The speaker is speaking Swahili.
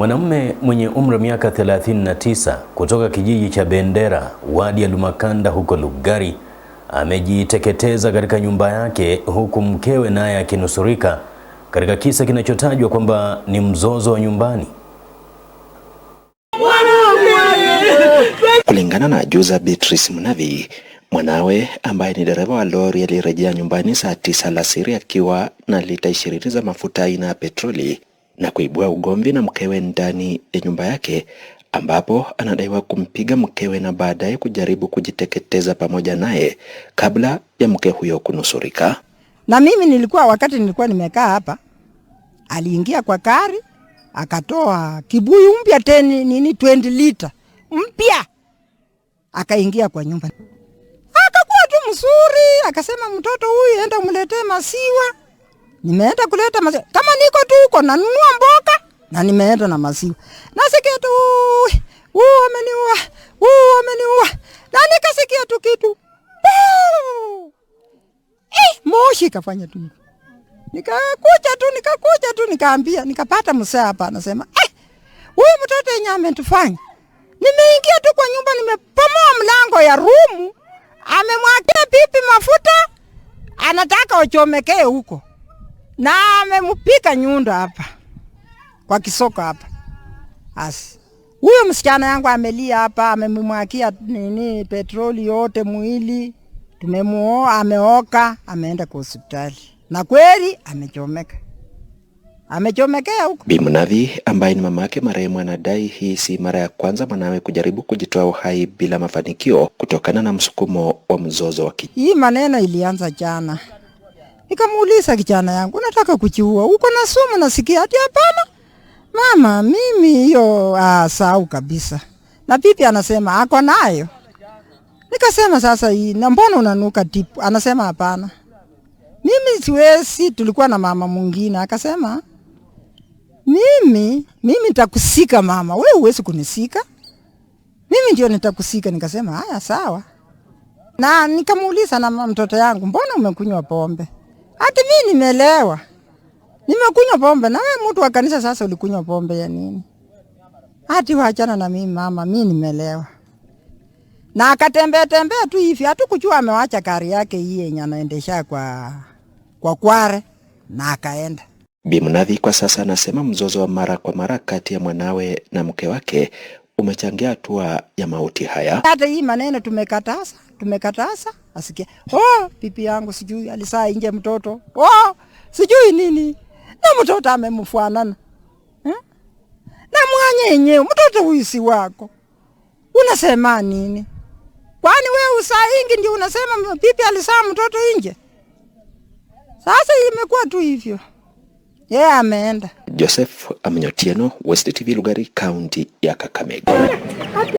Mwanamume mwenye umri wa miaka 39 kutoka kijiji cha Bendera wadi ya Lumakanda huko Lugari amejiteketeza katika nyumba yake huku mkewe naye akinusurika katika kisa kinachotajwa kwamba ni mzozo wa nyumbani. Kulingana na Juza Beatrice Mnavi, mwanawe ambaye ni dereva wa lori alirejea nyumbani saa tisa alasiri akiwa na lita ishirini za mafuta aina ya petroli na kuibua ugomvi na mkewe ndani ya nyumba yake ambapo anadaiwa kumpiga mkewe na baadaye kujaribu kujiteketeza pamoja naye kabla ya mke huyo kunusurika. Na mimi nilikuwa, wakati nilikuwa nimekaa hapa, aliingia kwa kari akatoa kibuyu mpya teni nini 20 lita mpya, akaingia kwa nyumba, akakuwa tu mzuri, akasema mtoto huyu enda umletee maziwa nimeenda kuleta maziwa kama niko tu huko nanunua mboga na nimeenda na maziwa, nasikia tu huu ameniua, huu ameniua, na nikasikia tu kitu eh, moshi kafanya tu, nikakuja tu nikakuja tu nikaambia, nikapata msaa hapa anasema eh, huyu mtoto yenyewe ametufanya. Nimeingia tu kwa nyumba, nimepomoa mlango ya rumu, amemwagia pipi mafuta, anataka ochomekee huko na amemupika nyundo hapa kwa kisoko hapa. Asi huyo msichana yangu amelia hapa, amemwakia nini petroli yote mwili, tumemuoa ameoka, ameenda kwa hospitali na kweli amechomeka amechomekea huko. Bi Mnathi ambaye ni yake marehemu anadai hii si mara ya kwanza mwanawe kujaribu kujitoa uhai bila mafanikio kutokana na msukumo wa mzozo wa kijamii. Hii maneno ilianza jana Nikamuuliza kijana yangu, unataka kujiua? Uko na sumu nasikia. Ati hapana. Mama, mimi hiyo ah, sahau kabisa. Na bibi anasema ako nayo. Nikasema sasa hii, na mbona unanuka tipu? Anasema hapana. Mimi siwezi, tulikuwa na mama mwingine akasema mimi mimi nitakusika mama, wewe huwezi kunisika. Mimi ndio nitakusika. Nikasema haya sawa. Na nikamuuliza na mtoto yangu, mbona umekunywa pombe? Ati mimi nimelewa. Nimekunywa pombe na wewe mtu wa kanisa sasa ulikunywa pombe ya nini? Ati waachana na mimi mama, mimi nimelewa. Na akatembea tembea tu hivi, hatukujua amewacha gari yake hii yenye anaendesha kwa kwa Kware na akaenda. Bi kwa sasa anasema mzozo wa mara kwa mara kati ya mwanawe na mke wake umechangia hatua ya mauti haya. Hata hii maneno tumekataza, tumekataza asikia oh, bibi yangu sijui alisaa inje mtoto oh, sijui nini na mtoto amemfuanana hmm? na mwanya yenyewe mtoto uisi wako unasema nini? Kwani we usaa ingi ndio unasema bibi alisaa mtoto inje? Sasa imekuwa tu hivyo Ye yeah, ameenda. Joseph Amnyotieno, West TV Lugari, kaunti ya Kakamega.